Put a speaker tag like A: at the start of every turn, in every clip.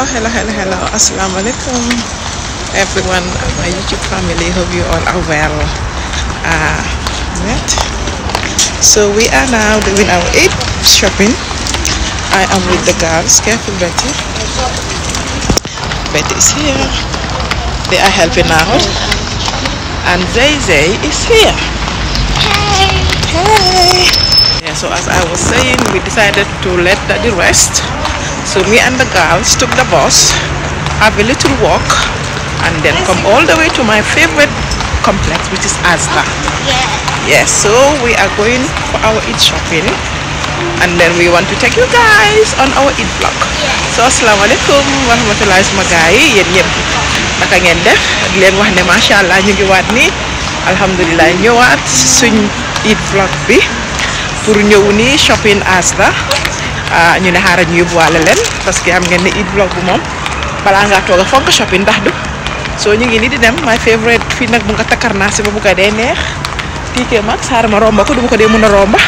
A: hello hello hello assalamu alaikum everyone my youtube family hope you all are well uh, right so we are now doing our Eid shopping i am with the girls careful betty betty is here they are helping out and zay zay is here hey hey yeah so as i was saying we decided to let daddy rest so me and the girls took the bus, have a little walk, and then come all the way to my favorite complex, which is Asda. Yes, Yes. so we are going for our eat shopping, and then we want to take you guys on our eat vlog. Yes. So asalaamaaleykum wa rahmatulah suma gars yi yéen ñëpp naka ngeen def ak leen wax ne macha allah ñu ngi Alhamdulillah, nii alhamdulilah ñëwaat suñ eat vlog bi pour ñëw nii shopping Asda. Ah, ñu né xaaral ñu yóbbuwaale leen parce que am ngeen né id vlog bu mom bala nga toga fonk shopping ndax du so ñu ngi ni di dem my favorite fi nag bu nga takkar naa si bu ko dé neex tiké max saar ma romba ko du ma ko dee mën a romba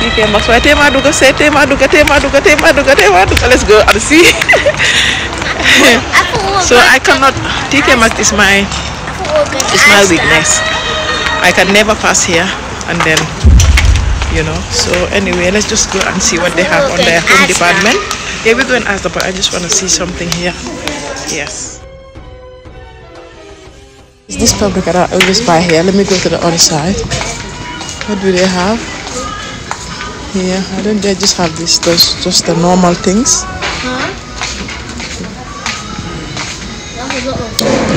A: tiike Max, waaye téemaa dugga see téemaa dugga téma duga téemaa dugga téemaa let's go arsi see so I cannot TK Max is my is my weakness I can never pass here and then you know so anyway let's just go and see what they have on their home department yeah we're going to ask them but i just want to see something here yes Is this public? that i always buy here let me go to the other side what do they have yeah, i don't they just have this those just the normal things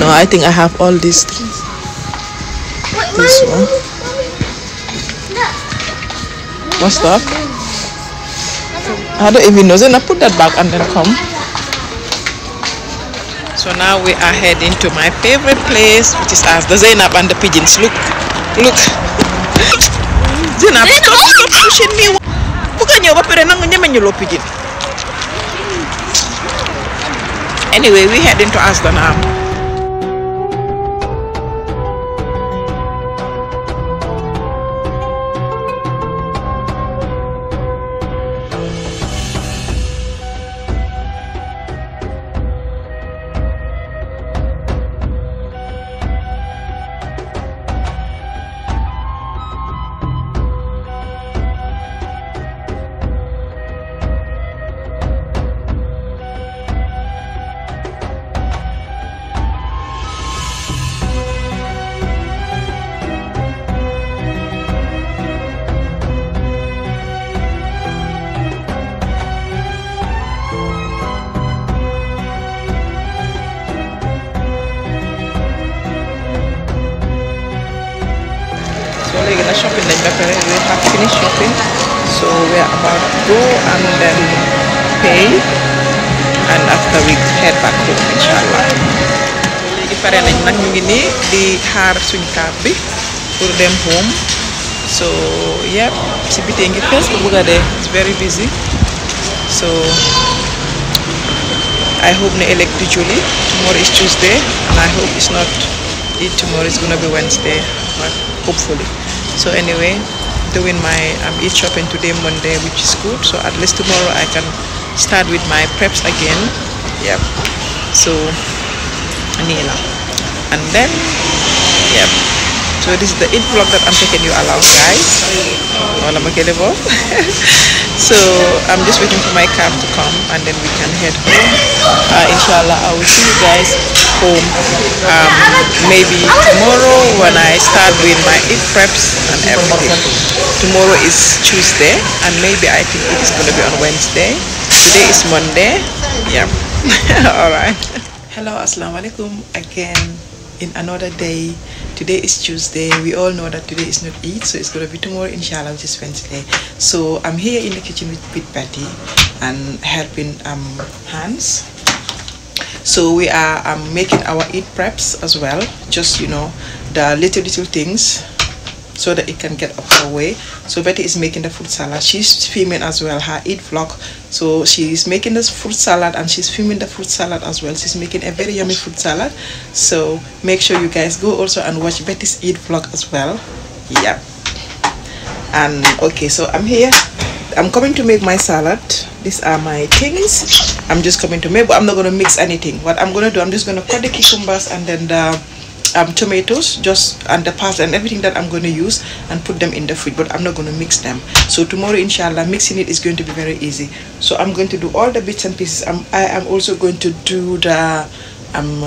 A: no i think i have all these things this one What's that? I don't even know. Then I put that back and then come. So now we are heading to my favorite place, which is as the Zainab and the pigeons. Look, look. Zainab, stop, ah! stop pushing me. Bukan nyoba wapere nangu nyama pigeon. Anyway, we heading to Asda now. shopping so we are about to go and then pay and after we head back home inshallah If I nañ nag ñu ngi nii di xaar suñ home so yep si bitee ngi fees bu it's very busy so I hope the ëllëg di tomorrow is Tuesday and I hope it's not it tomorrow is gonna be Wednesday but hopefully so anyway doing my um, eat shopping today Monday which is good so at least tomorrow I can start with my preps again yep so Nina and then yep so this is the eat vlog that I'm taking you along guys oh, available so I'm just waiting for my cab to come and then we can head home uh, inshallah I will see you guys home um, maybe tomorrow when I start with my eat preps and everything. Tomorrow is Tuesday and maybe I think it is going to be on Wednesday. Today is Monday. Yeah. Alright. Hello, Assalamu alaikum again in another day today is tuesday we all know that today is not eat so it's gonna to be tomorrow inshallah which is wednesday so i'm here in the kitchen with, with patty and helping um hans so we are um, making our eat preps as well just you know the little little things so that it can get up her way so Betty is making the fruit salad she's filming as well her eat vlog so she's making this fruit salad and she's filming the fruit salad as well she's making a very yummy fruit salad so make sure you guys go also and watch Betty's eat vlog as well Yeah. and okay so I'm here I'm coming to make my salad these are my things i'm just coming to but i'm not going to mix anything what i'm going to do i'm just going to cut the cucumbers and then the um, tomatoes just and the pasta and everything that I'm going to use and put them in the fridge but I'm not going to mix them so tomorrow inshallah mixing it is going to be very easy so I'm going to do all the bits and pieces I'm, I am also going to do the um,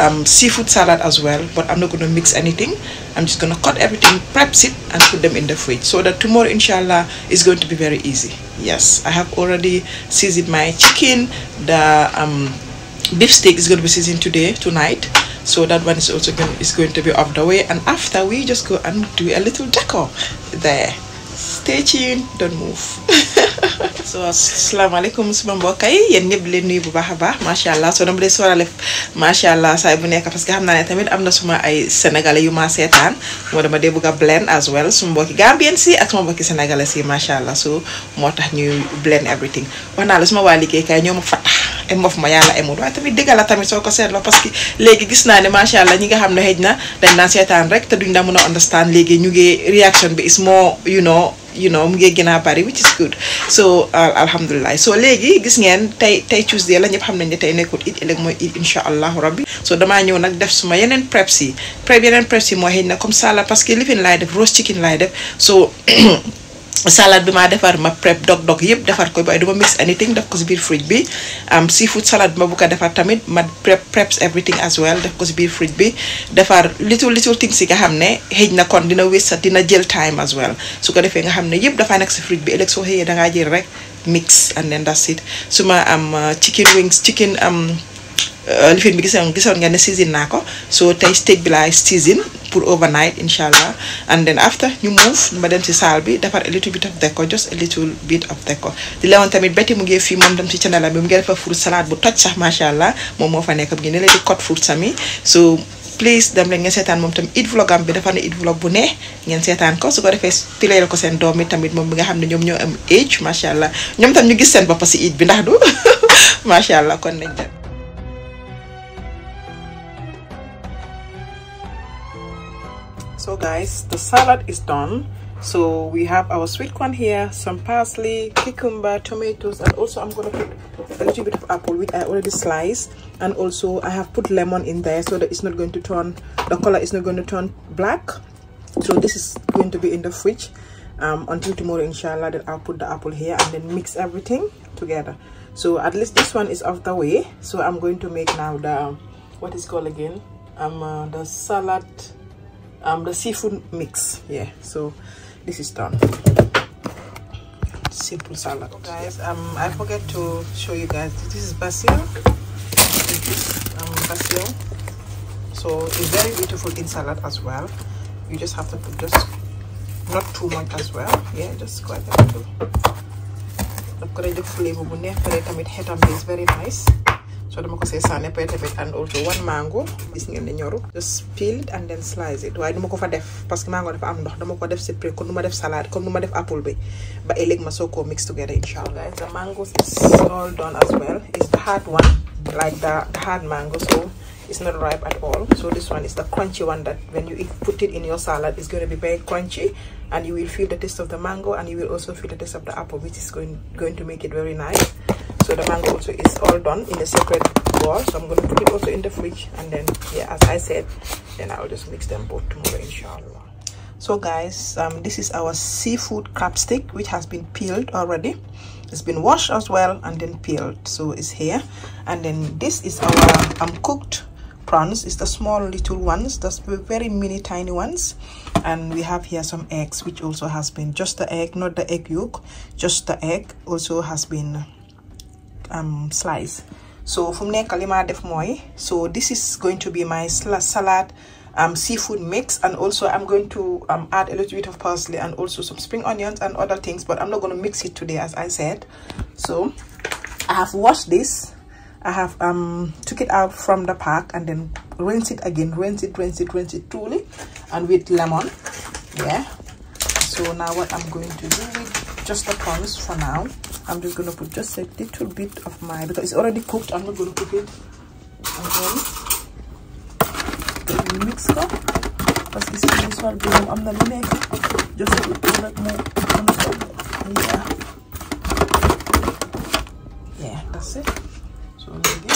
A: um, seafood salad as well but I'm not going to mix anything I'm just going to cut everything prep it and put them in the fridge so that tomorrow inshallah is going to be very easy yes I have already seasoned my chicken the um, beef steak is going to be seasoned today tonight so that one is also going, is going to be off the way and after we just go and do a little decor there stay tuned don't move so asalaamaaleykum suma mbokk yi yéen ñëpp leen nuyu bu baax a baax macha allah soo dem bu dee soorale macha allah saay bu nekk parce que xam naa ne tamit am na suma ay sénégalais yu ma seetaan moo dama dee bugg a blend as well suma mbokki gambien si ak suma mbokki sénégalais si macha allah so moo tax ñuy blend everything wax naa la suma waa liggéeykaay ñoo ma fattax emof ma yàlla emul waaye tamit dëgg la tamit soo ko seetloo parce que léegi gis naa ne macha allah ñi nga xam ne xëj na dañ naan seetaan rek te duñ naa mën a understand léegi ñu ngi réaction bi is moo you know you know mu ngi gën a bari which is good so alhamdulilah so léegi gis ngeen tey tey Tuesday la ñëpp xam nañ ne tey nekkul it ëllëg mooy it incha allahu rabbi so damaa ñëw nag def suma yeneen preps yi prep yeneen preps yi moo xëj na comme ça la que lifin laay def roast chicken laay def salade bi maa defar ma prep dog dog yëpp defar ko waaye du ma mix anything def ko si biir fridge bi am seafood salade bi ma bëgg a defar tamit ma prep preps everything as well def ko si biir fridge bi defar little little things yi nga xam ne xëj na kon dina wés dina jël time as well su ko defee nga xam ne yëpp dafa nekk si fridge bi ëllëg soo xëyee dangaa jël rek mix and then that's it su ma am uh, chicken wings chicken am um, Euh, li fi bi gisoon gisoon nga ne season naa ko so tey stage bi laay season pour overnight incha allah and then after ñu move ma dem si saal bi defar a little bit of déco just a little bit of déco di la woon tamit bétti mu ngi fii moom dem si canala bi mu ngi defar fruit salade bu toj sax macha allah moom moo fa nekk mu ngi ne la di cote fruit sami so please dem leen ngeen seetaan moom tamit it vlog am bi dafa ne it vlog bu neex ngeen seetaan ko su ko defee pileel ko seen doom yi tamit moom bi nga xam ne ñoom ñoo am age macha allah ñoom tam ñu gis seen bopp si it bi ndax du macha allah kon nañ dem so guys the salad is done so we have our sweet corn here some parsley cucumber tomatoes and also i'm gonna put a little bit of apple which i already sliced and also i have put lemon in there so that it's not going to turn the color is not going to turn black so this is going to be in the fridge um, until tomorrow inshallah then i'll put the apple here and then mix everything together so at least this one is out the way so i'm going to make now the what is called again um uh, the salad um the seafood mix yeah so this is done simple salad guys um i forget to show you guys this is basil this is um, basil so it's very beautiful in salad as well you just have to put just not too much as well yeah just quite a little I've daf ko def flavor bu neex pare tamit xetam bi is very nice so dama ko see sànne pete pete and also one mango gis ngeen ne ñoru just peel it and then slice it waaye i ma ko fa def parce que mango dafa am ndox dama ko def separate comme nu ma def salade comme nu def apple bi ba ëllëg ma soo koo mix together inshallah allah guys the mango is all done as well it's the hard one like the hard mango so it's not ripe at all so this one is the crunchy one that when you eat, put it in your salad it's going to be very crunchy and you will feel the taste of the mango and you will also feel the taste of the apple which is going going to make it very nice so the mango also is all done in a separate bowl so i'm going to put it also in the fridge and then yeah as i said then i'll just mix them both tomorrow inshallah so guys um, this is our seafood crab stick which has been peeled already it's been washed as well and then peeled so it's here and then this is our um cooked prawns it's the small little ones that's very mini tiny ones and we have here some eggs which also has been just the egg not the egg yolk just the egg also has been um, slice so from there, Kalima def mooy so this is going to be my salad um, seafood mix and also I'm going to um, add a little bit of parsley and also some spring onions and other things but I'm not going to mix it today as I said so I have washed this I have um, took it out from the pack and then rinse it again rinse it rinse it rinse it truly and with lemon yeah so now what I'm going to do with just the prawns for now i'm just gonna put just a little bit of my because it's already cooked i'm not gonna cook it again mix up Because this is soir bi i am na lu nekk just rek mu am solo yeah yeah that's it so léegi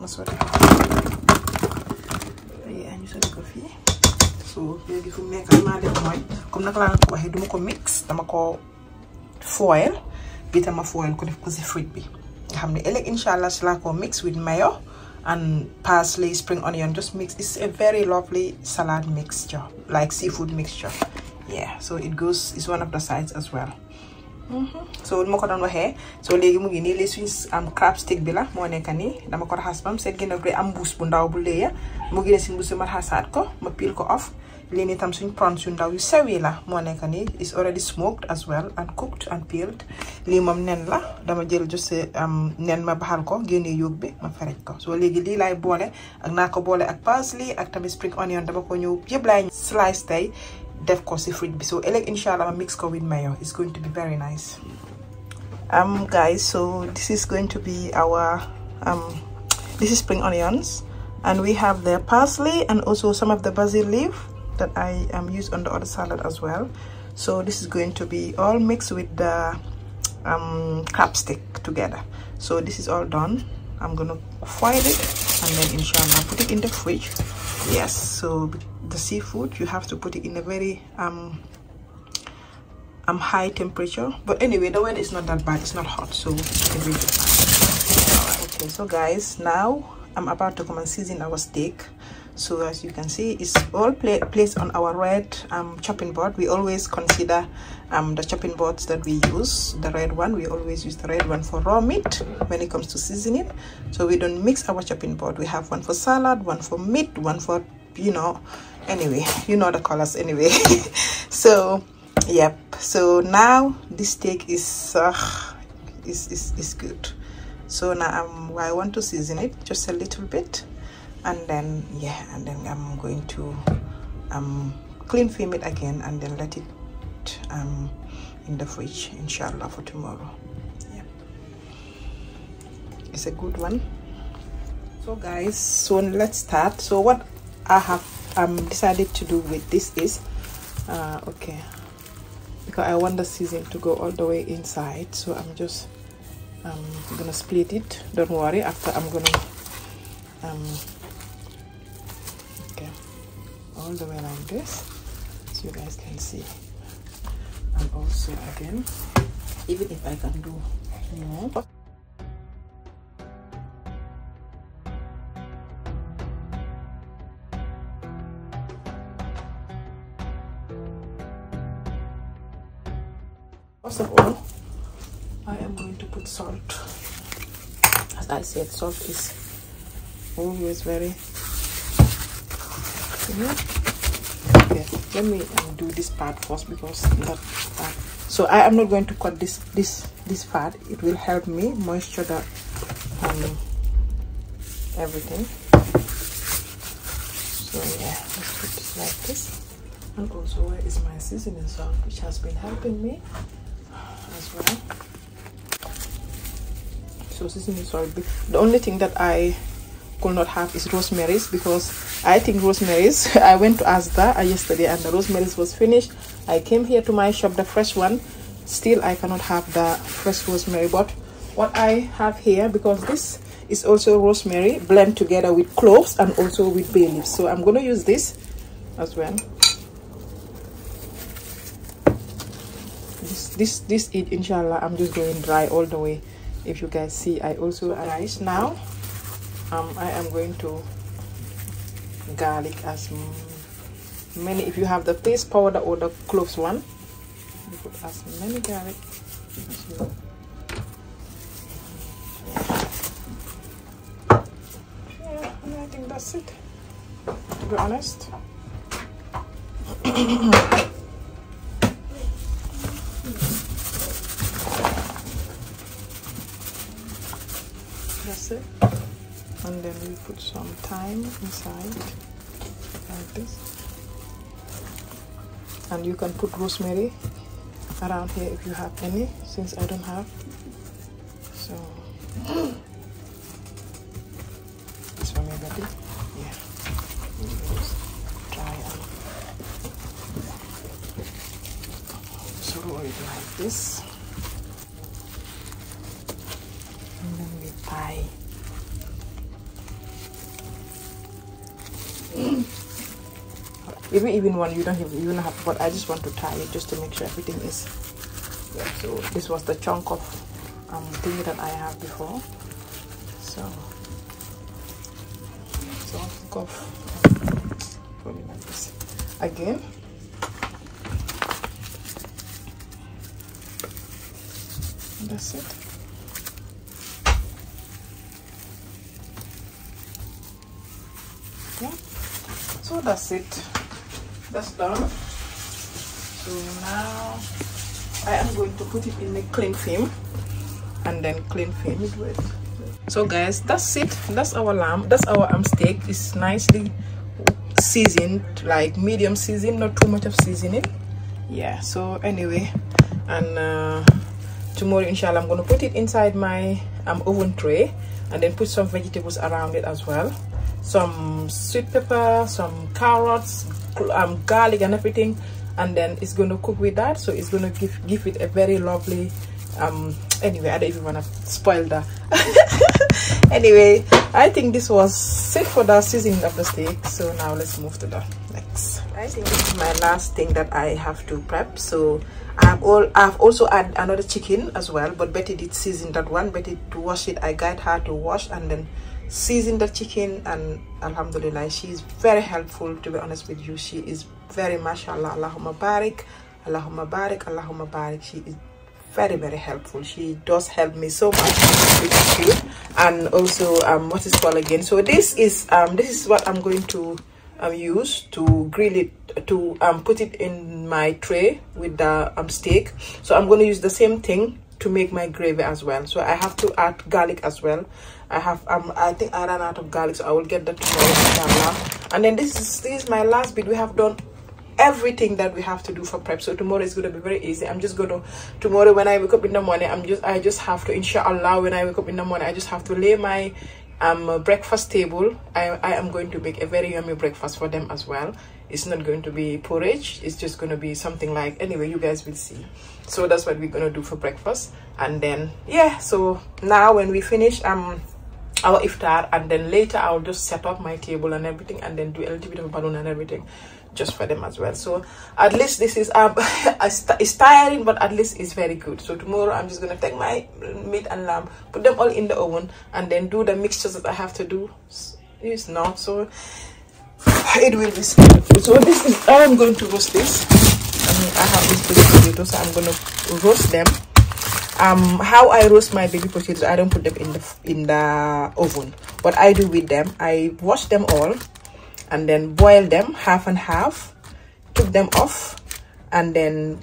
A: ma sotti yeah ñu sotti ko fii so léegi fu mu nekk li ma def mooy comme naka laa ko waxee duma ko mix dama ko foil bi tam ma foil ko def ko si fruit bi nga xam ne ëllëg incha allah si laa ko mix with mayo and parsley spring onion just mix it's a very lovely salad mixture like seafood mixture yeah so it goes it's one of the sides as well mm-hmm. so lu ma ko doon waxee so léegi mu ngi nii lii suñu am crab stick bi la moo nekk nii dama ko raxas bam seet gën a am mbuus bu ndaw bu léeya mu génne si mbuus bi ma raxasaat ko ma peel ko off leni itam suñ prawns yu ndaw yu sew yi la moo nekk nii is already smoked as well and cooked and peeled lii moom nen la dama jël juste um, nen ma bahal ko génnee yóg bi ma ferej ko soo léegi lii laay boole ak naa ko boole ak parsley ak tamit spring onion dama ko ñëw yëpp laay slice tey def ko si fridge bi so ëllëg inshallah ma mix ko with mayo it's going to be very nice um guys so this is going to be our um this is spring onions and we have the parsley and also some of the basil leaf that I um, use on the other salad as well. So this is going to be all mixed with the um, crab stick together. So this is all done. I'm gonna foil it and then inshallah put it in the fridge. Yes, so the seafood you have to put it in a very um um high temperature. But anyway, the weather is not that bad. It's not hot, so fine. okay, so guys, now I'm about to come and season our steak so as you can see it's all pla placed on our red um, chopping board we always consider um, the chopping boards that we use the red one we always use the red one for raw meat when it comes to seasoning so we don't mix our chopping board we have one for salad one for meat one for you know anyway you know the colors anyway so yep so now this steak is uh, is, is good so now um, i want to season it just a little bit and then yeah and then i'm going to um clean film it again and then let it um in the fridge inshallah for tomorrow yeah it's a good one so guys so let's start so what i have um decided to do with this is uh okay because i want the season to go all the way inside so i'm just I'm um, gonna split it don't worry after i'm gonna um all the way like this so you guys can see and also again even if I can do more first of all I am going to put salt as I said salt is always very okay let me um, do this part first because that part. Uh, so i am not going to cut this this this part it will help me moisture that um, everything so yeah let's put this like this and also where is my seasoning salt which has been helping me as well so seasoning salt the only thing that i could not have is rosemary's because I think rosemary's I went to Asda yesterday and the rosemary's was finished I came here to my shop the fresh one still I cannot have the fresh rosemary but what I have here because this is also rosemary blend together with cloves and also with bay leaves so I'm gonna use this as well this this this inshallah I'm just going dry all the way if you guys see I also rise now um, I am going to garlic as many if you have the paste powder or the cloves one you put as many garlic as you want. I think that's it to be honest that's it and then we put some thyme inside like this and you can put rosemary around here if you have any since I don't have so this one me yeah try and so roll it like this and then we tie even even one you don't have you don't have but i just want to tie it just to make sure everything is yeah, so this was the chunk of um thing that i have before so so i think of probably like this again and that's it yeah so that's it that's done so now i am going to put it in the clean film and then clean film it with so guys that's it that's our lamb that's our lamb steak it's nicely seasoned like medium season not too much of seasoning yeah so anyway and uh, tomorrow inshallah i'm gonna put it inside my um, oven tray and then put some vegetables around it as well some sweet pepper some carrots um, garlic and everything and then it's going to cook with that so it's going to give give it a very lovely um anyway i don't even want to spoil that anyway i think this was it for the seasoning of the steak so now let's move to the next i think this is my last thing that i have to prep so i've all i've also added another chicken as well but betty did season that one betty to wash it i guide her to wash and then season the chicken and alhamdulillah she's very helpful to be honest with you she is very mashallah allahumma barik allahumma barik allahumma barik she is very very helpful she does help me so much with food and also um what is called again so this is um this is what i'm going to um use to grill it to um put it in my tray with the um steak so i'm going to use the same thing to make my gravy as well so i have to add garlic as well I have um, I think I ran out of garlic, so I will get that tomorrow. And then this is this is my last bit. We have done everything that we have to do for prep so tomorrow is gonna be very easy i'm just gonna to, tomorrow when i wake up in the morning i'm just i just have to inshallah when i wake up in the morning i just have to lay my um breakfast table i i am going to make a very yummy breakfast for them as well it's not going to be porridge it's just going to be something like anyway you guys will see so that's what we're gonna do for breakfast and then yeah so now when we finish um our iftar and then later i'll just set up my table and everything and then do a little bit of balloon and everything just for them as well so at least this is um it's tiring but at least it's very good so tomorrow i'm just gonna take my meat and lamb put them all in the oven and then do the mixtures that i have to do it's not so it will be scary. so this is i'm going to roast this i, mean, I have these potatoes so i'm gonna roast them um how i roast my baby potatoes i don't put them in the in the oven what i do with them i wash them all and then boil them half and half took them off and then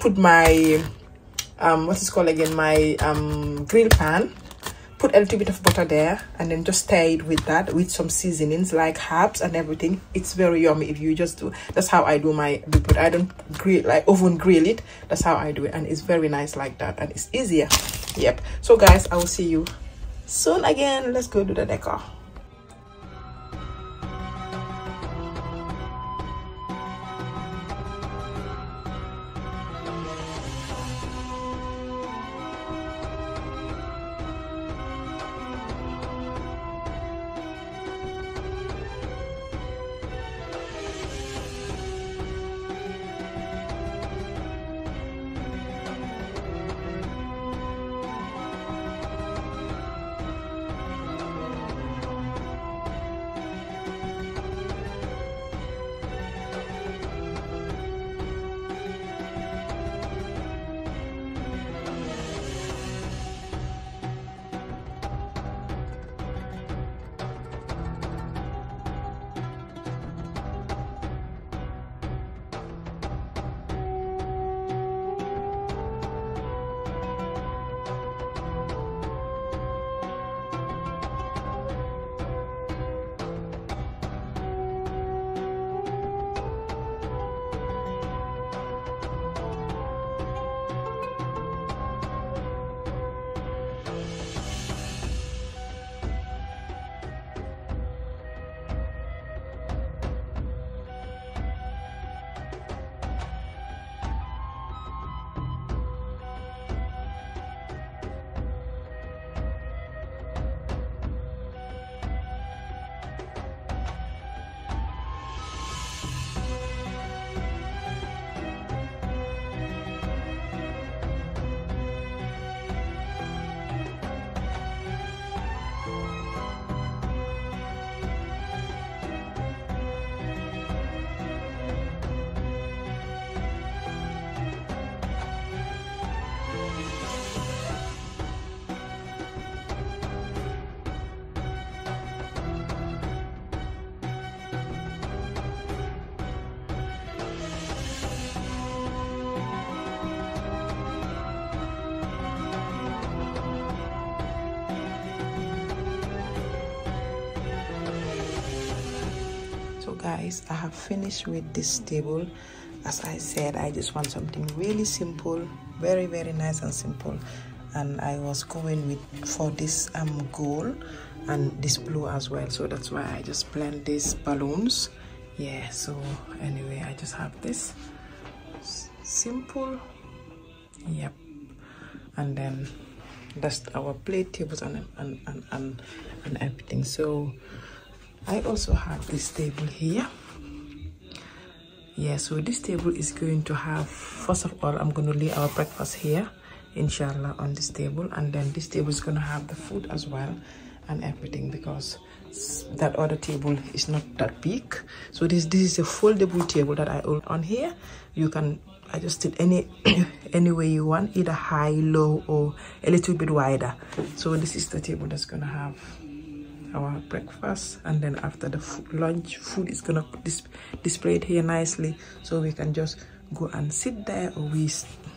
A: put my um what is called again my um grill pan put a little bit of butter there and then just stir it with that with some seasonings like herbs and everything it's very yummy if you just do that's how i do my but i don't grill like oven grill it that's how i do it and it's very nice like that and it's easier yep so guys i will see you soon again let's go do the decor guys i have finished with this table as i said i just want something really simple very very nice and simple and i was going with for this um gold and this blue as well so that's why i just blend these balloons yeah so anyway i just have this simple yep and then that's our plate tables and and and and, and everything so I also have this table here yeah so this table is going to have first of all i'm going to lay our breakfast here inshallah on this table and then this table is going to have the food as well and everything because that other table is not that big so this this is a foldable table that i hold on here you can adjust it any any way you want either high low or a little bit wider so this is the table that's gonna have our breakfast and then after the lunch food is gonna dis displayed here nicely so we can just go and sit there or we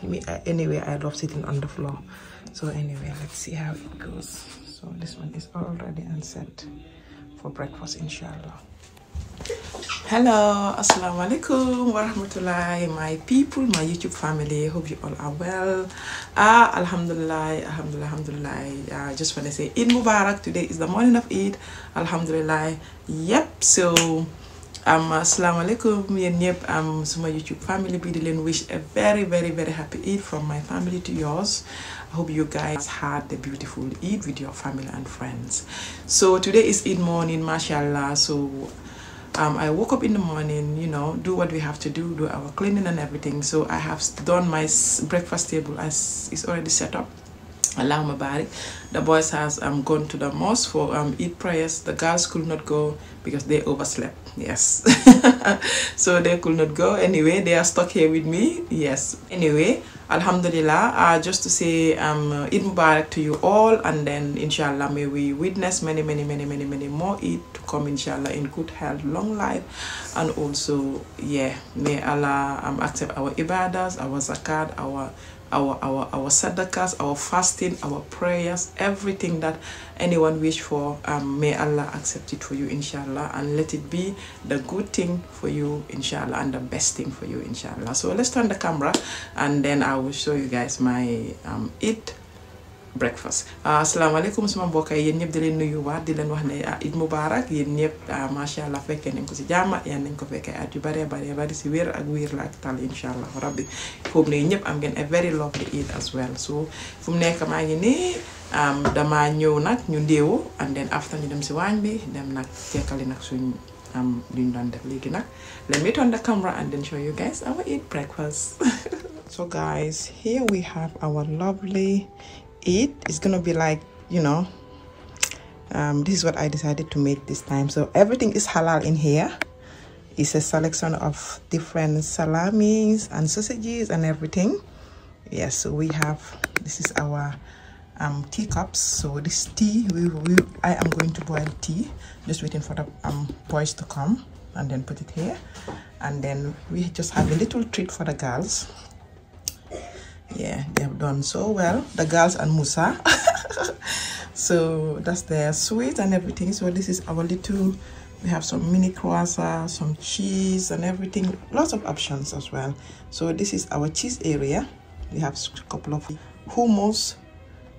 A: me anyway i love sitting on the floor so anyway let's see how it goes so this one is already unset for breakfast inshallah hello assalamu alaikum warahmatullahi my people my youtube family hope you all are well ah alhamdulillah alhamdulillah alhamdulillah i uh, ah, just want to say in mubarak today is the morning of eid alhamdulillah yep so um assalamualaikum yep, yep um so my youtube family be the wish a very very very happy eid from my family to yours i hope you guys had a beautiful eid with your family and friends so today is eid morning mashallah so um, I woke up in the morning, you know, do what we have to do, do our cleaning and everything. So I have done my breakfast table as it's already set up allow my body. The boys has um, gone to the mosque for um, Eid prayers. The girls could not go because they overslept. Yes. so they could not go. Anyway, they are stuck here with me. Yes. Anyway, Alhamdulillah, uh, just to say um, Eid Mubarak to you all. And then, inshallah, may we witness many, many, many, many, many more Eid to come, inshallah, in good health, long life. And also, yeah, may Allah um, accept our ibadahs, our zakat, our our our our sadaqas, our fasting, our prayers, everything that anyone wish for. Um, may Allah accept it for you, inshallah, and let it be the good thing for you, inshallah, and the best thing for you, inshallah. So let's turn the camera, and then I will show you guys my um, it breakfast ah, asalaamaaleykum suma mbokk yi yéen ñëpp di leen nuyuwaat di leen wax ne ah id mubarak yéen ñëpp ah, macha allah fekkee nañ ko si jàmm yal nañ ko fekkee at yu bare bare bari si wér ak wér la ak tal incha allah rabbi fu mu ne ñëpp am ngeen a very lovely eid as well so fu mu nekk maa ngi nii damaa ñëw nag ñu ndéewu and then after ñu dem si waañ bi dem nag jekkali nag suñ am luñ doon def léegi nag let me turn the camera and then show you guys our eid breakfast so guys here we have our lovely it it's gonna be like you know um, this is what I decided to make this time so everything is halal in here it's a selection of different salamis and sausages and everything yes yeah, so we have this is our um, teacups so this tea we, we I am going to boil tea just waiting for the um, boys to come and then put it here and then we just have a little treat for the girls yeah they have done so well the girls and musa so that's their sweet and everything so this is our little we have some mini croissants, some cheese and everything lots of options as well so this is our cheese area we have a couple of hummus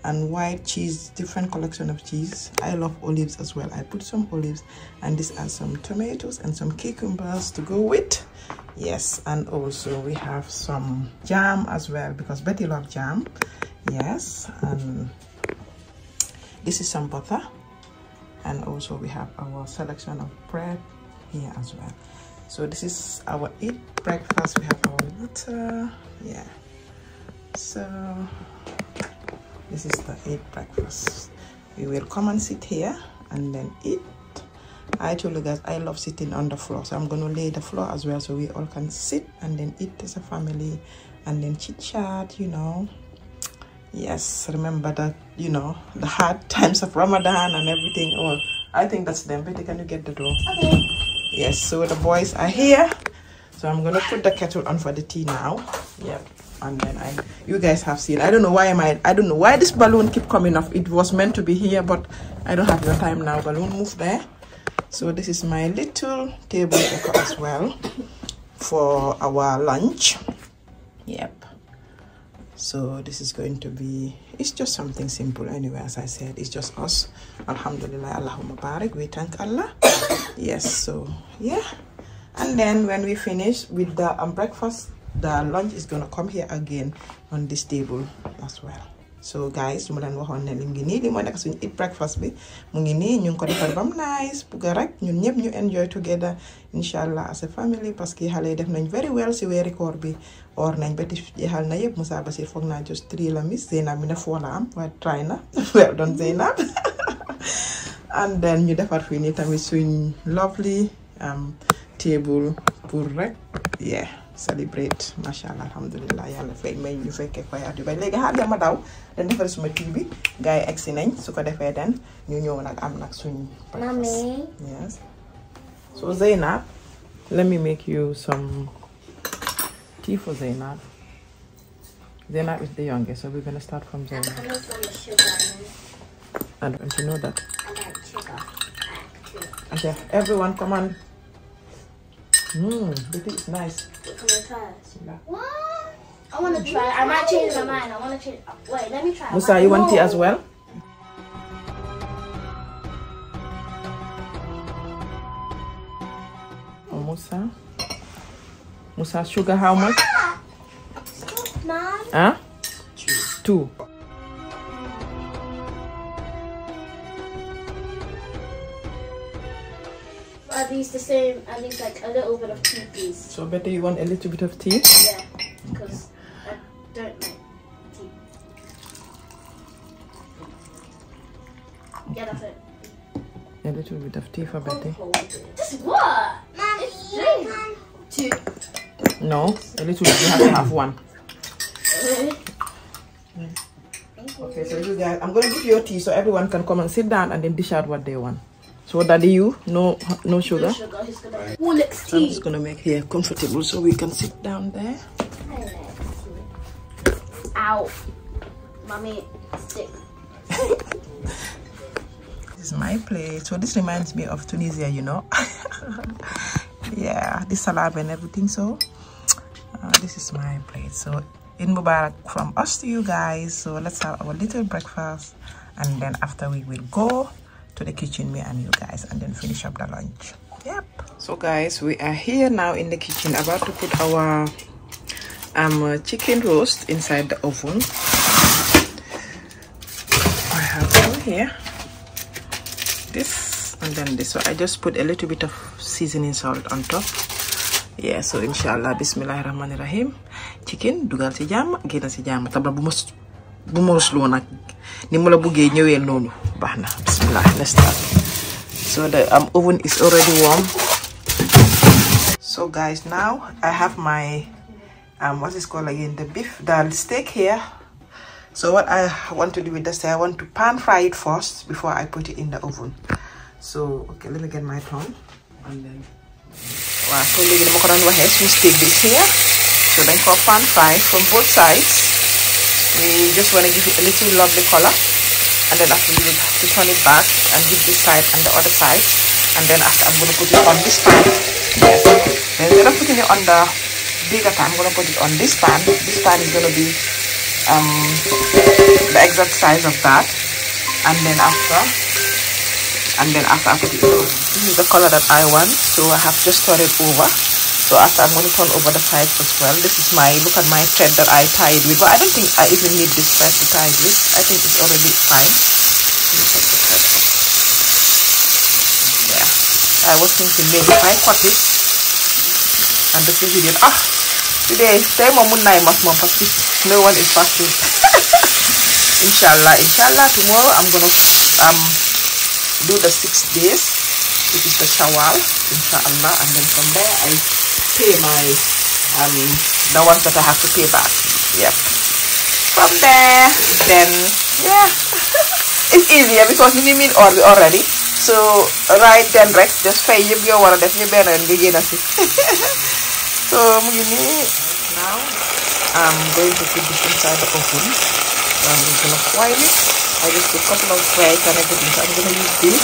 A: and white cheese different collection of cheese i love olives as well i put some olives and these are some tomatoes and some cucumbers to go with yes and also we have some jam as well because betty loves jam yes and this is some butter and also we have our selection of bread here as well so this is our eat breakfast we have our water yeah so this is the eight breakfast we will come and sit here and then eat i told you guys i love sitting on the floor so i'm gonna lay the floor as well so we all can sit and then eat as a family and then chit chat you know yes remember that you know the hard times of ramadan and everything well i think that's them but can you get the door okay yes so the boys are here so i'm gonna put the kettle on for the tea now yep and then i you guys have seen. I don't know why am I, I don't know why this balloon keep coming off. It was meant to be here, but I don't have your time now. Balloon, move there. So this is my little table decor as well for our lunch. Yep. So this is going to be, it's just something simple anyway, as I said, it's just us. Alhamdulillah, Allahumma barik, we thank Allah. yes, so yeah. And then when we finish with the um, breakfast, daal lunch is gonna come here again on this table as well so guys su ma leen waxoon ne lim ngi nii li moo nekk suñu eat breakfast bi mu ngi nii ñu ngi ko defar ba mu nice bugg rek ñun ñëpp ñu enjoy together incha allah as a family parce que xale yi def nañ very well si weeri bi or nañ ba tif jeexal na yëpp Moussa Bassir foog naa just three la miss Zeynab mi ne foo la am waaye try na well done Zeynab and then ñu defar fii nii tamit suñ lovely um, table pour rek celebrate macha Alhamdulillah. alhamdulilah yàlla fay may ñu fekkee ko at yu bay léegi xaar ma daw dañ defar suma TV bi gars yi egsi nañ su ko defee den ñu ñëw nag am nak suñu. mami
B: yes so
A: Zainab let me make you some tea for Zainab Zainab is the youngest so we're gonna start from Zainab. and you know that. Okay, everyone come on. Mmm, the taste nice. I'm gonna What? I wanna try. I might change my mind. I wanna change. Wait, let me try. Musa, you want tea as well? Oh, Musa. Musa, sugar how much? Ah! Stop, Mom. Huh? Two. Two. least the same, at least like a little bit of tea, please. So, better you want a little bit of tea? Yeah, because I don't like tea. Yeah, that's it. A little bit of tea for oh, Betty. This what? Mommy, you Two. No, a little bit. You have to have one. Okay, so this is I'm going to give you a tea so everyone can come and sit down and then dish out what they want. So what daddy you? No no sugar? sugar. gonna make Woolix I'm just gonna make here comfortable so we can sit down there. Ow. Mommy, stick. this is my plate. So this reminds me of Tunisia, you know. yeah, this salad and everything. So uh, this is my plate. So in Mubarak from us to you guys. So let's have our little breakfast and then after we will go the kitchen, me and you guys, and then finish up the lunch. Yep. So guys, we are here now in the kitchen, about to put our um, chicken roast inside the oven. I have one here, this and then this. So I just put a little bit of seasoning salt on top. Yeah, so inshallah, bismillahirrahmanirrahim. Chicken, dugal si jam, gina si jam. Tabla bu ma bu ni mu la buggee ñëwee bismillah let's start so the um, oven is already warm so guys now i have my um what is called again the beef the steak here so what i want to do with this i want to pan fry it first before i put it in the oven so okay let me get my pan and then wow so the steak this here so then for pan fry from both sides we just want to give it a little lovely color and then after we have to turn it back and give this side and the other side and then after I'm going to put it on this pan yes instead of putting it on the bigger pan I'm going to put it on this pan this pan is going to be um, the exact size of that and then after and then after I put it on this is the color that I want so I have just turned it over so after I'm going to turn over the sides as well this is my look at my thread that I tied with but I don't think I even need this thread to tie it with I think it's already fine yeah I was thinking maybe if I cut it and this is did ah today stay I'm not must mom fasting. no one is fasting inshallah inshallah tomorrow I'm gonna um do the six days which is the shawwal inshallah and then from there I pay my um the ones that I have to pay back. Yep. From there, then yeah, it's easier because you need already. So right then right, just pay you your one that you better and begin as So you need now I'm going to put this inside the oven. I'm gonna fry it. I just put a couple of fries and everything. So I'm gonna use this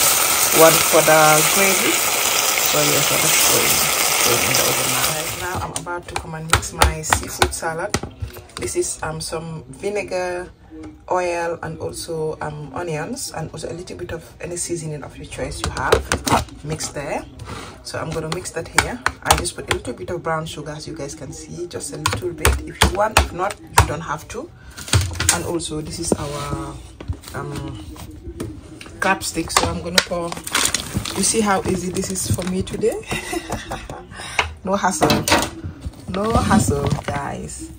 A: one for the gravy. So yes, yeah, so that's going the oven right now i'm about to come and mix my seafood salad this is um some vinegar oil and also um onions and also a little bit of any seasoning of your choice you have mixed there so i'm gonna mix that here i just put a little bit of brown sugar as you guys can see just a little bit if you want if not you don't have to and also this is our um capstick so i'm gonna pour you see how easy this is for me today no hassle no hassle guys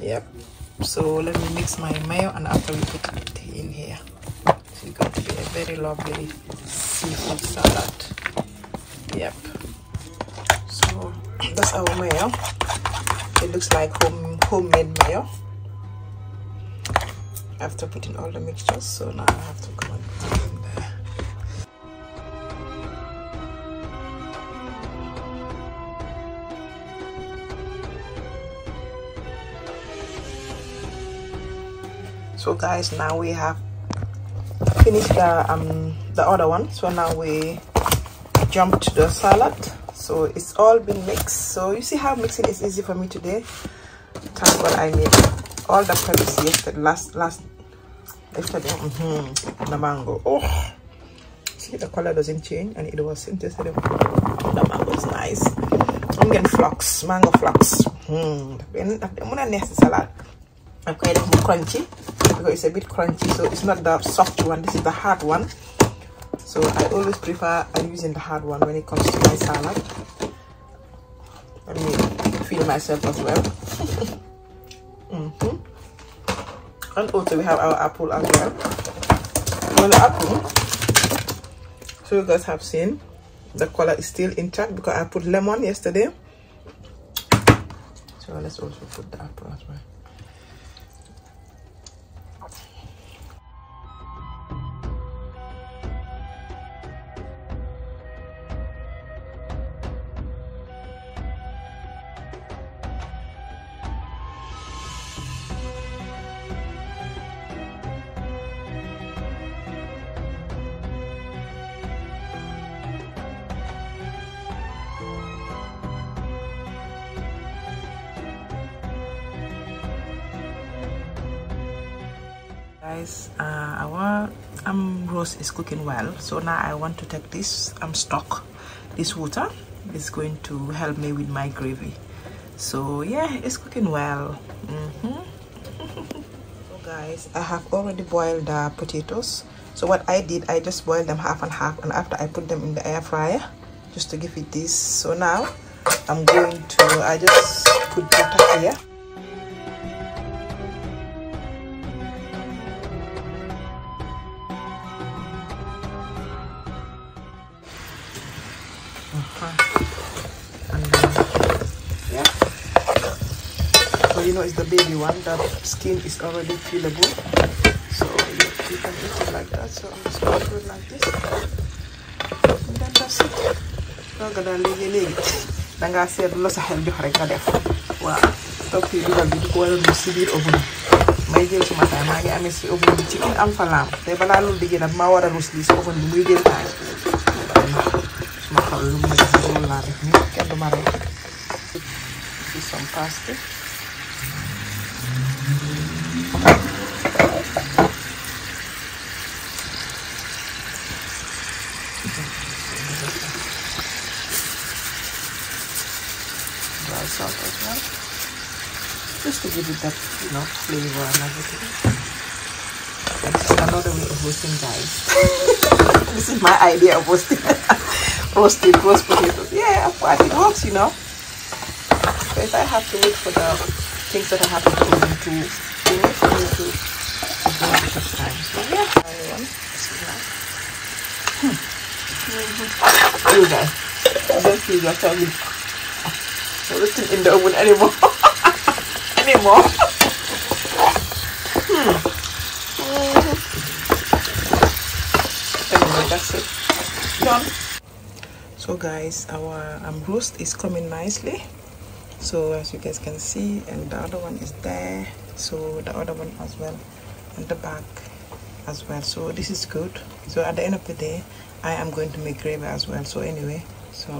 A: yep so let me mix my mayo and after we put it in here so going to be a very lovely seafood salad yep so that's our mayo it looks like home homemade mayo after putting all the mixtures so now I have to come and put them there so guys now we have finished the um the other one so now we jump to the salad so it's all been mixed so you see how mixing is easy for me today thank god i made all the previous yesterday last last Look at Mm -hmm. The mango. Oh, see the color doesn't change, and it was synthesis. The mango is nice. I'm getting flux, mango flux. Hmm. I'm gonna nest salad. crunchy because it's a bit crunchy, so it's not the soft one. This is the hard one. So I always prefer using the hard one when it comes to my salad. Let me feel myself as well. mm -hmm and also we have our apple as well on the apple so you guys have seen the color is still intact because i put lemon yesterday so let's also put the apple as well noodles is cooking well so now i want to take this i'm um, stock this water is going to help me with my gravy so yeah it's cooking well mm -hmm. so guys i have already boiled the potatoes so what i did i just boiled them half and half and after i put them in the air fryer just to give it this so now i'm going to i just put butter here one that skin is already peelable so you, can eat it like that so i'm just going to do it like this and then that's it dooga daal léegi leave it seet la sa xel jox rek nga def waaw topp yi dugal bi du ko war a dugg si biir oven may jël suma taay maa ngi amee si oven bi chicken am fa laam te balaa loolu di gën a maa war a rus lii si oven bi muy jël taay suma xol lu ma def loolu laa def nii kenn du ma rey si to give it that you know flavor and everything that's another way of roasting guys this is my idea of roasting roasted roast potatoes yeah but it works you know because i have to wait for the things that i have to put into finish for me to boil it at time so yeah hmm. mm -hmm. you guys i don't feel tummy. i'm roasting in the oven anymore anymore. hmm. Anyway, that's it. Done. So guys, our um, roast is coming nicely. So as you guys can see, and the other one is there. So the other one as well, and the back as well. So this is good. So at the end of the day, I am going to make gravy as well. So anyway, so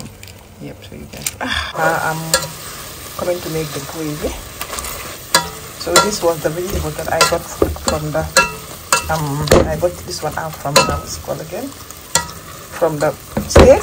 A: yep. So you guys, ah, I'm coming to make the gravy so this was the vegetable that i got from the um i got this one out from the school called again from the state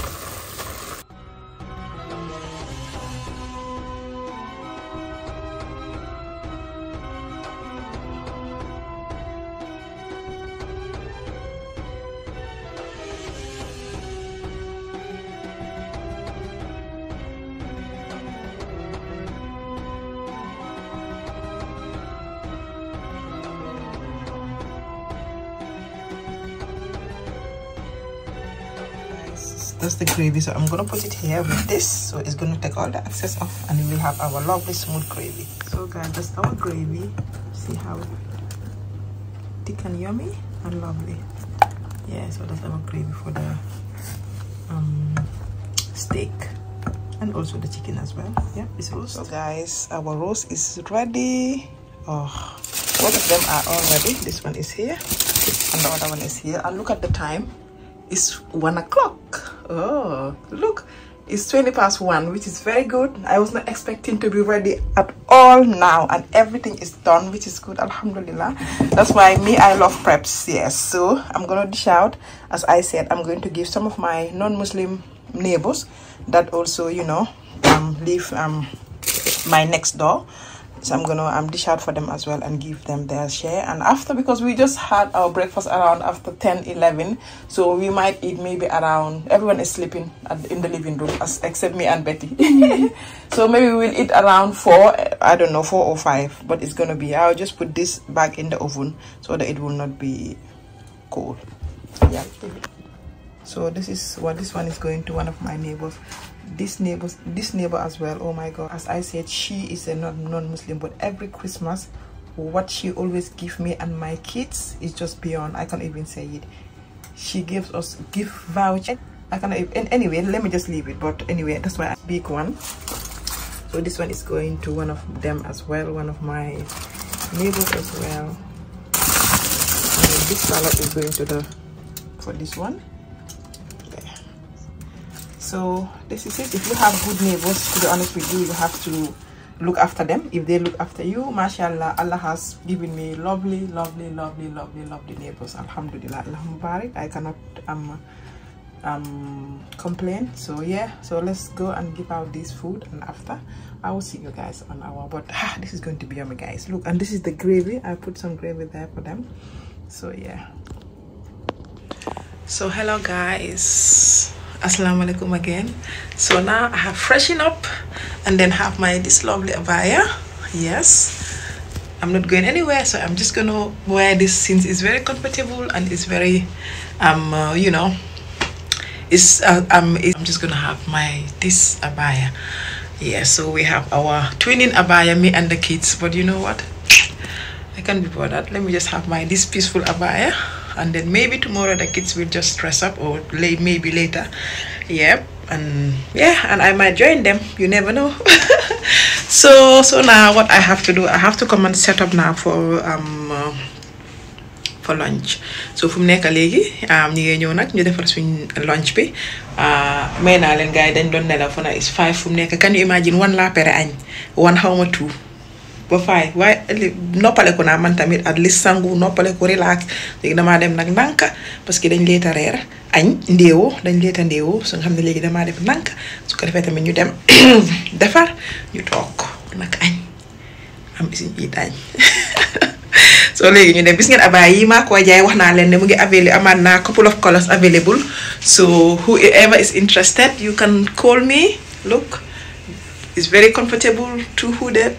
A: the gravy so i'm gonna put it here with this so it's gonna take all the excess off and we will have our lovely smooth gravy so guys that's our gravy see how thick and yummy and lovely yeah so that's our gravy for the um, steak and also the chicken as well yeah it's roast so guys our roast is ready oh both of them are all ready this one is here and the other one is here and look at the time it's one o'clock oh look it's 20 past one which is very good i was not expecting to be ready at all now and everything is done which is good alhamdulillah that's why me i love preps yes so i'm gonna dish out as i said i'm going to give some of my non-muslim neighbors that also you know um, live um my next door so i'm gonna um, dish out for them as well and give them their share and after because we just had our breakfast around after 10 11 so we might eat maybe around everyone is sleeping at, in the living room as, except me and betty so maybe we'll eat around four i don't know four or five but it's gonna be i'll just put this back in the oven so that it will not be cold yeah so this is what this one is going to one of my neighbors this neighbor this neighbor as well oh my god as i said she is a non-muslim but every christmas what she always give me and my kids is just beyond i can't even say it she gives us gift voucher i cannot even anyway let me just leave it but anyway that's why I, big one so this one is going to one of them as well one of my neighbors as well and this salad is going to the for this one so this is it if you have good neighbors to be honest with you you have to look after them if they look after you mashallah allah has given me lovely lovely lovely lovely lovely neighbors alhamdulillah alhamdulillah i cannot um um complain so yeah so let's go and give out this food and after i will see you guys on our but ah, this is going to be yummy guys look and this is the gravy i put some gravy there for them so yeah so hello guys assalamu alaikum again so now i have freshen up and then have my this lovely abaya yes i'm not going anywhere so i'm just gonna wear this since it's very comfortable and it's very um uh, you know it's uh, um it's, i'm just gonna have my this abaya yeah so we have our twinning abaya me and the kids but you know what i can't be bothered let me just have my this peaceful abaya and then maybe tomorrow the kids will just dress up or lay maybe later yep and yeah and i might join them you never know so so now what i have to do i have to come and set up now for um uh, for lunch so from mu i léegi um, ñu ngi ñëw nag ñu defar suñ lunch bi uh, may naa leen gars yi dañ doon nelaw fana is five from mu Can you imagine one lap pere añ one xawma two ba faay waaye noppaleku naa man tamit at li sangu noppaleku relax léegi damaa dem nag ndànka parce que dañ leeta reer añ ndéewoo dañ leeta ndéewoo su nga xam ne léegi damaa dem ndànka su ko defee tamit ñu dem defar ñu toog nag añ am isin bii daañ soo léegi ñu dem gis ngeen abaya yi maa ko wax naa leen ne mu ngi available amaat naa couple of colors available so whoever is interested you can call me look it's very comfortable to hooded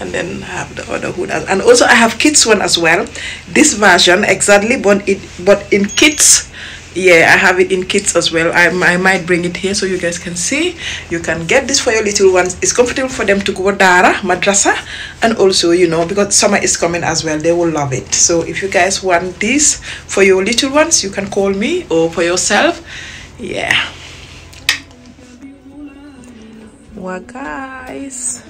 A: and then have the other hood and also i have kids one as well this version exactly but it but in kids yeah i have it in kits as well I, I might bring it here so you guys can see you can get this for your little ones it's comfortable for them to go dara madrasa and also you know because summer is coming as well they will love it so if you guys want this for your little ones you can call me or for yourself yeah well guys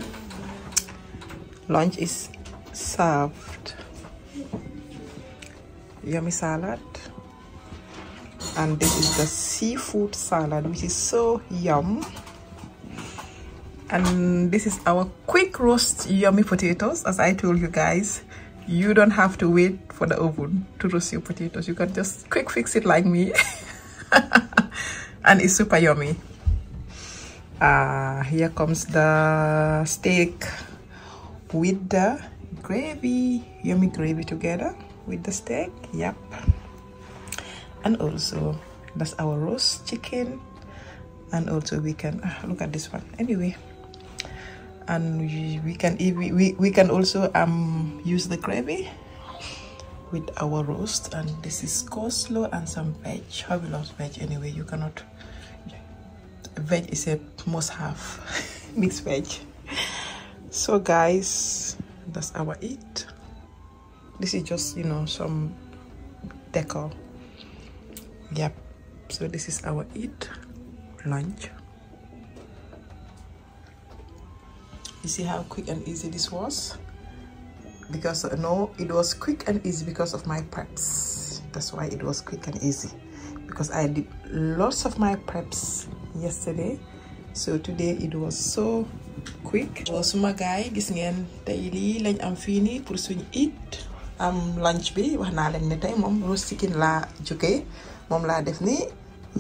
A: lunch is served yummy salad and this is the seafood salad which is so yum and this is our quick roast yummy potatoes as i told you guys you don't have to wait for the oven to roast your potatoes you can just quick fix it like me and it's super yummy uh, here comes the steak with the gravy yummy gravy together with the steak yep and also that's our roast chicken and also we can ah, look at this one anyway and we, we can we, we, we can also um use the gravy with our roast and this is coleslaw and some veg How we love veg anyway you cannot veg is a must have mixed veg so guys that's our eat. this is just you know some decor yep so this is our eat lunch you see how quick and easy this was because uh, no it was quick and easy because of my preps that's why it was quick and easy because i did lots of my preps yesterday so today it was so quick suma gaay gis ngeen tay li lañ am fi ni pour suñu eat am lunch bi waxna naa ni tay mom moom roast chicken laa jógee Mom laa def ni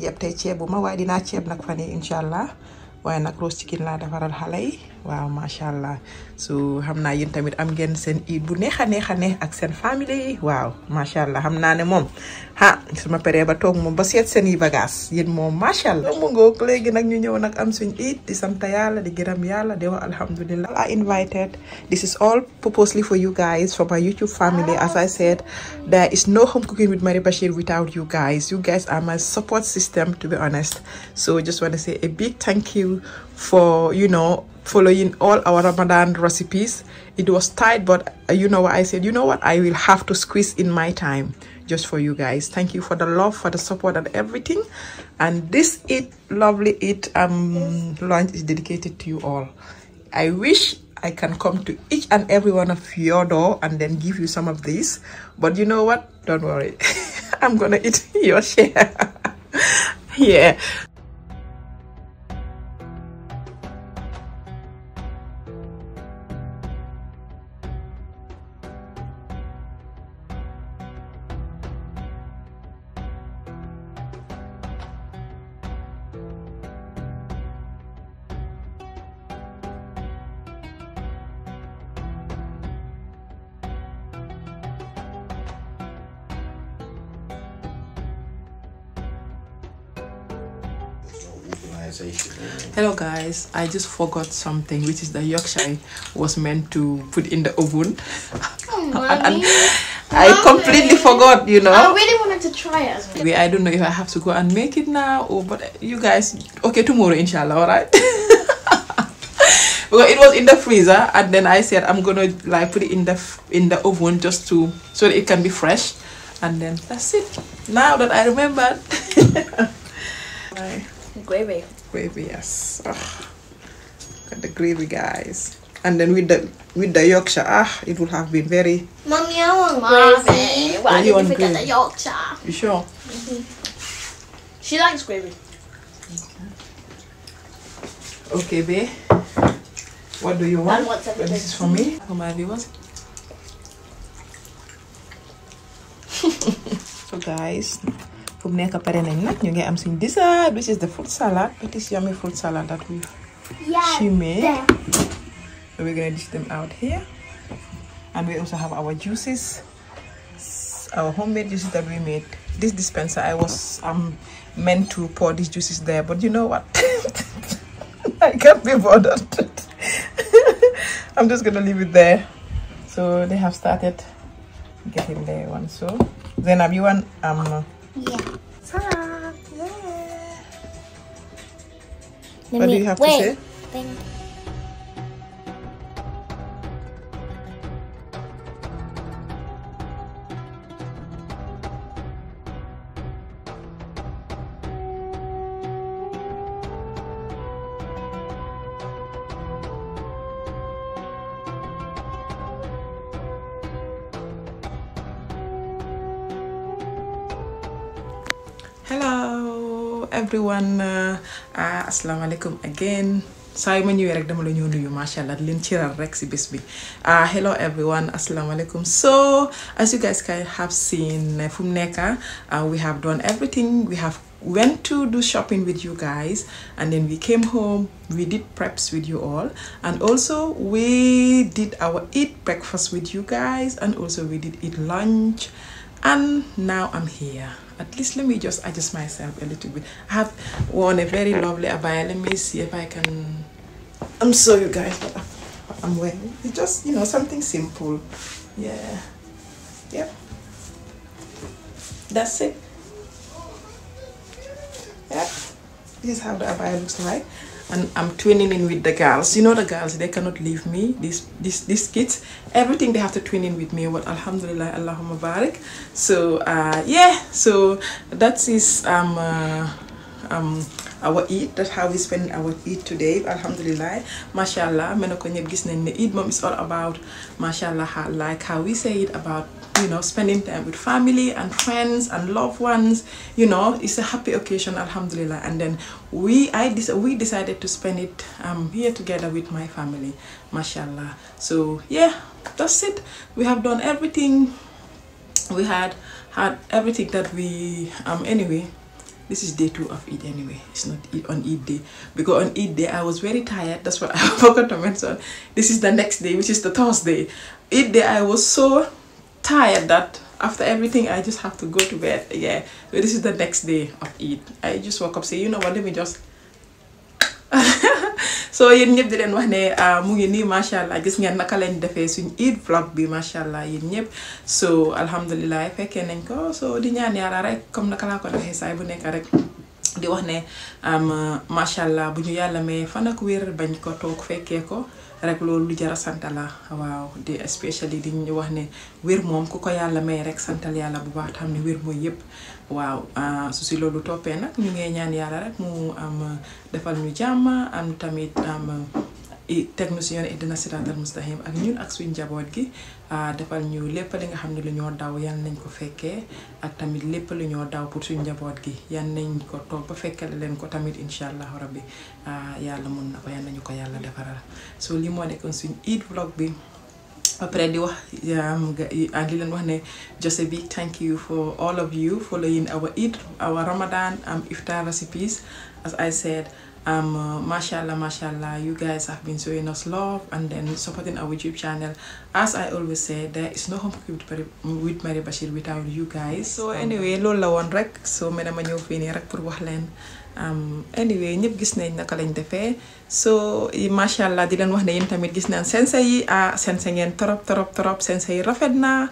A: yeb tay ceebu way dina dinaa ceeb nag fan yi roast chicken defaral xale waaw macha allah So, xam naa yéen tamit am ngeen seen iid bu neex a neex a neex ak seen famille waaw macha allah xam naa ne moom ah suma paree ba toog moom ba seet seen i bagage yéen moom macha allah mu ngoog léegi nag ñu ñëw nag am suñ iid di sant yàlla di gërëm yàlla di wax alhamdulillah I invited this is all purposely for you guys for my YouTube family as I said there is no home cooking with Mari Bashir without you guys you guys are my support system to be honest so just want to say a big thank you for you know following all our Ramadan recipes. It was tight, but uh, you know what I said, you know what, I will have to squeeze in my time just for you guys. Thank you for the love, for the support and everything. And this it lovely it um lunch is dedicated to you all. I wish I can come to each and every one of your door and then give you some of this. But you know what? Don't worry. I'm gonna eat your share. yeah. hello guys i just forgot something which is the yorkshire was meant to put in the oven oh, i completely forgot you know i really wanted to try it as well i don't know if i have to go and make it now or but you guys okay tomorrow inshallah all right Well, it was in the freezer and then i said i'm gonna like put it in the in the oven just to so that it can be fresh and then that's it now that i remembered gravy gravy yes oh, got the gravy guys and then with the with the yorkshire ah it would have been very mommy i want gravy why well, did you want forget gravy? the yorkshire you sure mm -hmm. she likes gravy okay, babe what do you want this is for me for my viewers so guys fu pare nañ ñu ngi am suñ dessert which is the fruit salad it is yummy fruit salad that we she made so we're gonna dish them out here and we also have our juices our homemade juices that we made this dispenser i was um meant to pour these juices there but you know what i can't be bothered i'm just gonna leave it there so they have started getting their one so then you want um yeah. yeah. Let what me, do you have wait. to say? hello everyone uh, ah asalaamaaleykum again Sorry yu ma ñëwee rek dama la ñëw nuyu macha allah di leen ciral rek si bés bi ah hello everyone asalaamaaleykum so as you guys can have seen uh, from Neka, nekk ah, ah, we have done everything we have went to do shopping with you guys and then we came home we did preps with you all and also we did our eat breakfast with you guys and also we did eat lunch and now i'm here at least let me just adjust myself a little bit i have worn a very lovely abaya let me see if i can i'm sorry you guys but i'm wearing it's just you know something simple yeah yep that's it Yeah, this is how the abaya looks like and I'm twinning in with the girls. You know the girls, they cannot leave me. These this, these kids, everything they have to twin in with me. What Alhamdulillah, Allahumma barik. So uh, yeah, so that is um uh, um our Eid that's how we spend our Eid today alhamdulillah mashallah mën na ko ne Eid Mom, is all about mashallah like how we say it about you know spending time with family and friends and loved ones you know it's a happy occasion alhamdulillah and then we i we decided to spend it um, here together with my family mashallah so yeah that's it we have done everything we had had everything that we um anyway this is day two of Eid anyway. It's not Eid on Eid day because on Eid day I was very tired. That's what I forgot to mention. This is the next day, which is the Thursday. Eid day I was so tired that after everything I just have to go to bed. Yeah, so this is the next day of Eid. I just woke up say you know what? Let me just. soo yéen ñëpp di leen wax ne ah, mu ngi nii macha allah gis ngeen naka lañ defee suñ eid vlog bi macha allah yéen ñëpp so alhamdulilah fekkee nañ ko so di ñaan yàlla rek comme naka laa ko waxee saay bu nekk rek. di wax ne macha allah bu ñu yàlla may fan ak wér bañ ko toog fekkee ko. rek lolou lu jara santala waaw di especially di ñu wax ne wér mom ku ko yalla may rek santal yalla bu baax tam ne wér mooy yépp waaw su ci lolou topé nak ñu ngi ñaan yalla rek mu am defal ñu jamm am tamit am teg nu et dina sita dal mustahim ak ñun ak suñu jabot gi defal ñu lepp li nga xam lu ñoo daw yalla nañ ko fekke ak tamit lepp lu ñoo daw pour suñu jabot gi yalla nañ ko top ba leen ko tamit inshallah rabbi Ah, yàlla mun na ko nañu ko yàlla defaral so lii moo nekkoon suñ eid vlog bi après di wax ah, di leen wax ne Jose bi thank you for all of you following our eid our Ramadan and iftar recipes as I said um, uh, mashallah mashallah you guys have so showing us love and then supporting our youtube channel as i always say there is no home cooked with Mary Bashir without you guys so anyway loolu la woon rek so ma dama ñëw fii nii rek pour wax leen anyway ñëpp gis nañ naka lañ defee so macha allah di leen wax ne yéen tamit gis nañ sense yi ah sense ngeen trop trop trop sense yi rafet na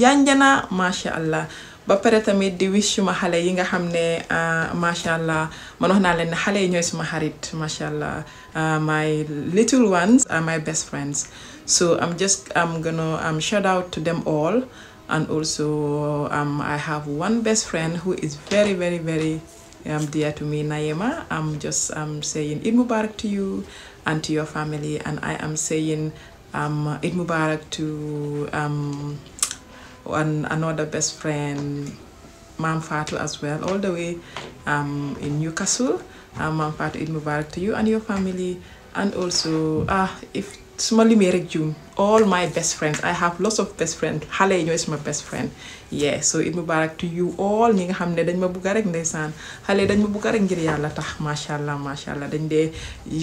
A: yànja na macha allah ba pare tamit di wish suma xale yi nga xam ne ah, macha allah man wax naa leen ne xale yi ñooy suma xarit macha allah ah, my little ones are my best friends so I'm just I'm gonna um, shout out to them all and also um, I have one best friend who is very very very um, dear to me, Naima. I'm just um, saying Eid Mubarak to you and to your family, and I am saying um, Eid Mubarak to um, an, another best friend, Mam Fatu, as well, all the way um, in Newcastle. Um, Mam Fatu, Eid Mubarak to you and your family, and also uh, if su ma limee rek juum all my best friends I have lots of best friends xale yi ñooy suma best friend yeah so it mubarak to you all ñi nga xam ne dañ ma bugga rek ndeysaan xale dañ ma bugga rek ngir yàlla tax macha allah macha allah dañ dee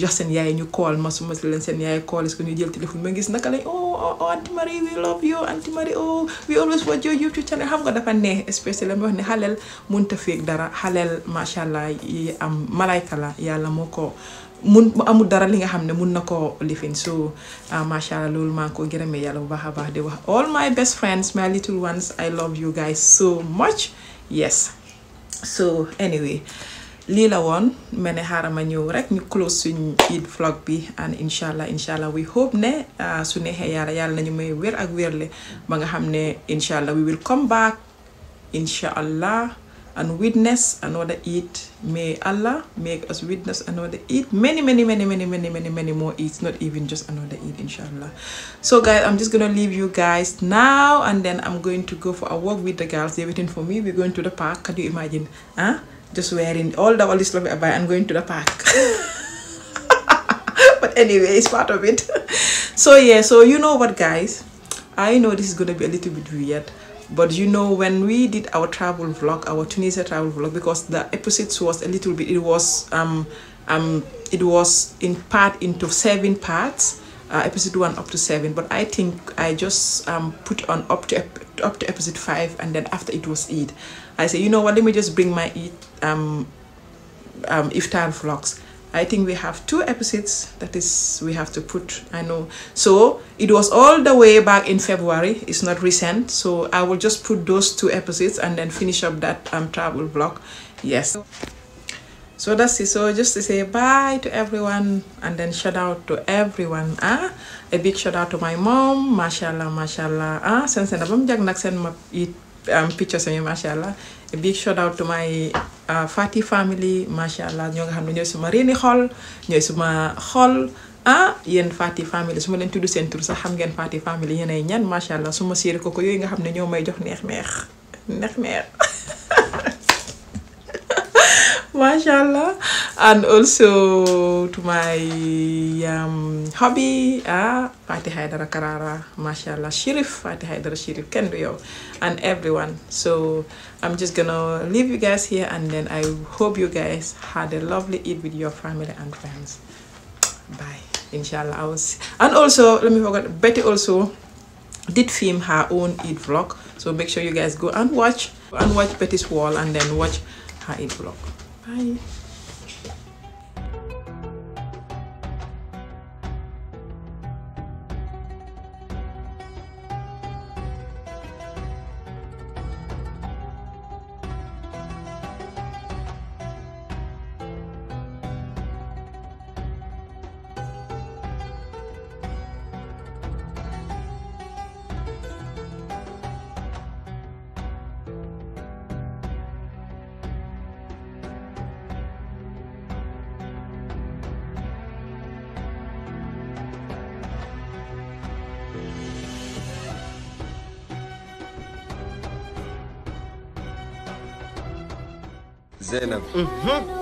A: jox seen yaay ñu call ma suma si leen seen yaay call su ce que ñu jël téléphone ma gis naka lañ oh oh, oh Auntie Marie we love you Auntie Marie oh we always watch your YouTube channel xam nga dafa neex especially ma wax ni xaleel mënut a féeg dara xaleel macha allah yi am malayka la yàlla moo ko. mun mu amul dara li nga xam ne mun na koo lifin so ah, macha allah loolu maa ngi ko gërëmee yàlla bu baax a baax di wax all my best friends my little ones I love you guys so much yes so anyway lii la woon mel ni xaaral ma ñëw rek ñu close suñu Eid vlog bi and incha allah incha allah we hope ne ah, su neexee yàlla yàlla nañu may wér ak wérle ba nga xam ne incha allah we will come back incha allah and witness another Eid. May Allah make us witness another Eid. Many, many, many, many, many, many, many more It's Not even just another Eid, inshallah. So guys, I'm just going to leave you guys now. And then I'm going to go for a walk with the girls. They're waiting for me. We're going to the park. Can you imagine? Huh? Just wearing all the all this love i and going to the park. but anyway, it's part of it. so yeah, so you know what guys. I know this is going to be a little bit weird but you know when we did our travel vlog our tunisia travel vlog because the episodes was a little bit it was um um it was in part into seven parts uh, episode one up to seven but i think i just um put on up to up to episode five and then after it was eid i say you know what let me just bring my eat um um iftar vlogs I think we have two episodes that is we have to put I know so it was all the way back in February it's not recent so I will just put those two episodes and then finish up that um, travel vlog yes so that's it so just to say bye to everyone and then shout out to everyone ah a big shout out to my mom mashallah mashallah ah sense I'm jag nak sen ma um, mashallah a big shout out to my uh, Fati family mashallah allah ñoo nga xam ñoy suma reeni xol ñoy suma xol ah yeen Fati family suma len tuddu sen tour sax xam ngeen Fati family yene ñan mashallah allah sir ko koko yoy nga xam ne ñoo may jox neex neex neex neex mashallah and also to my um, hobby ah Fatih Haidara Karara mashallah Shirif Fatih Haidara Shirif ken do and everyone so I'm just gonna leave you guys here and then I hope you guys had a lovely eat with your family and friends. Bye. Inshallah. I was and also let me forget Betty also did film her own eat vlog. So make sure you guys go and watch and watch Betty's wall and then watch her eat vlog. Bye.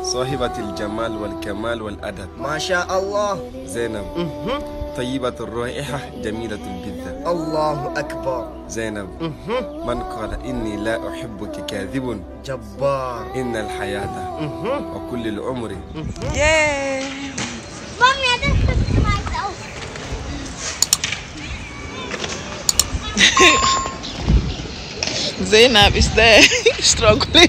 A: صاحبة الجمال والكمال والأدب ما شاء الله زينب طيبة الرائحة جميلة البذة الله أكبر زينب من قال إني لا أحبك كاذب جبار إن الحياة وكل العمر زينب is there struggling?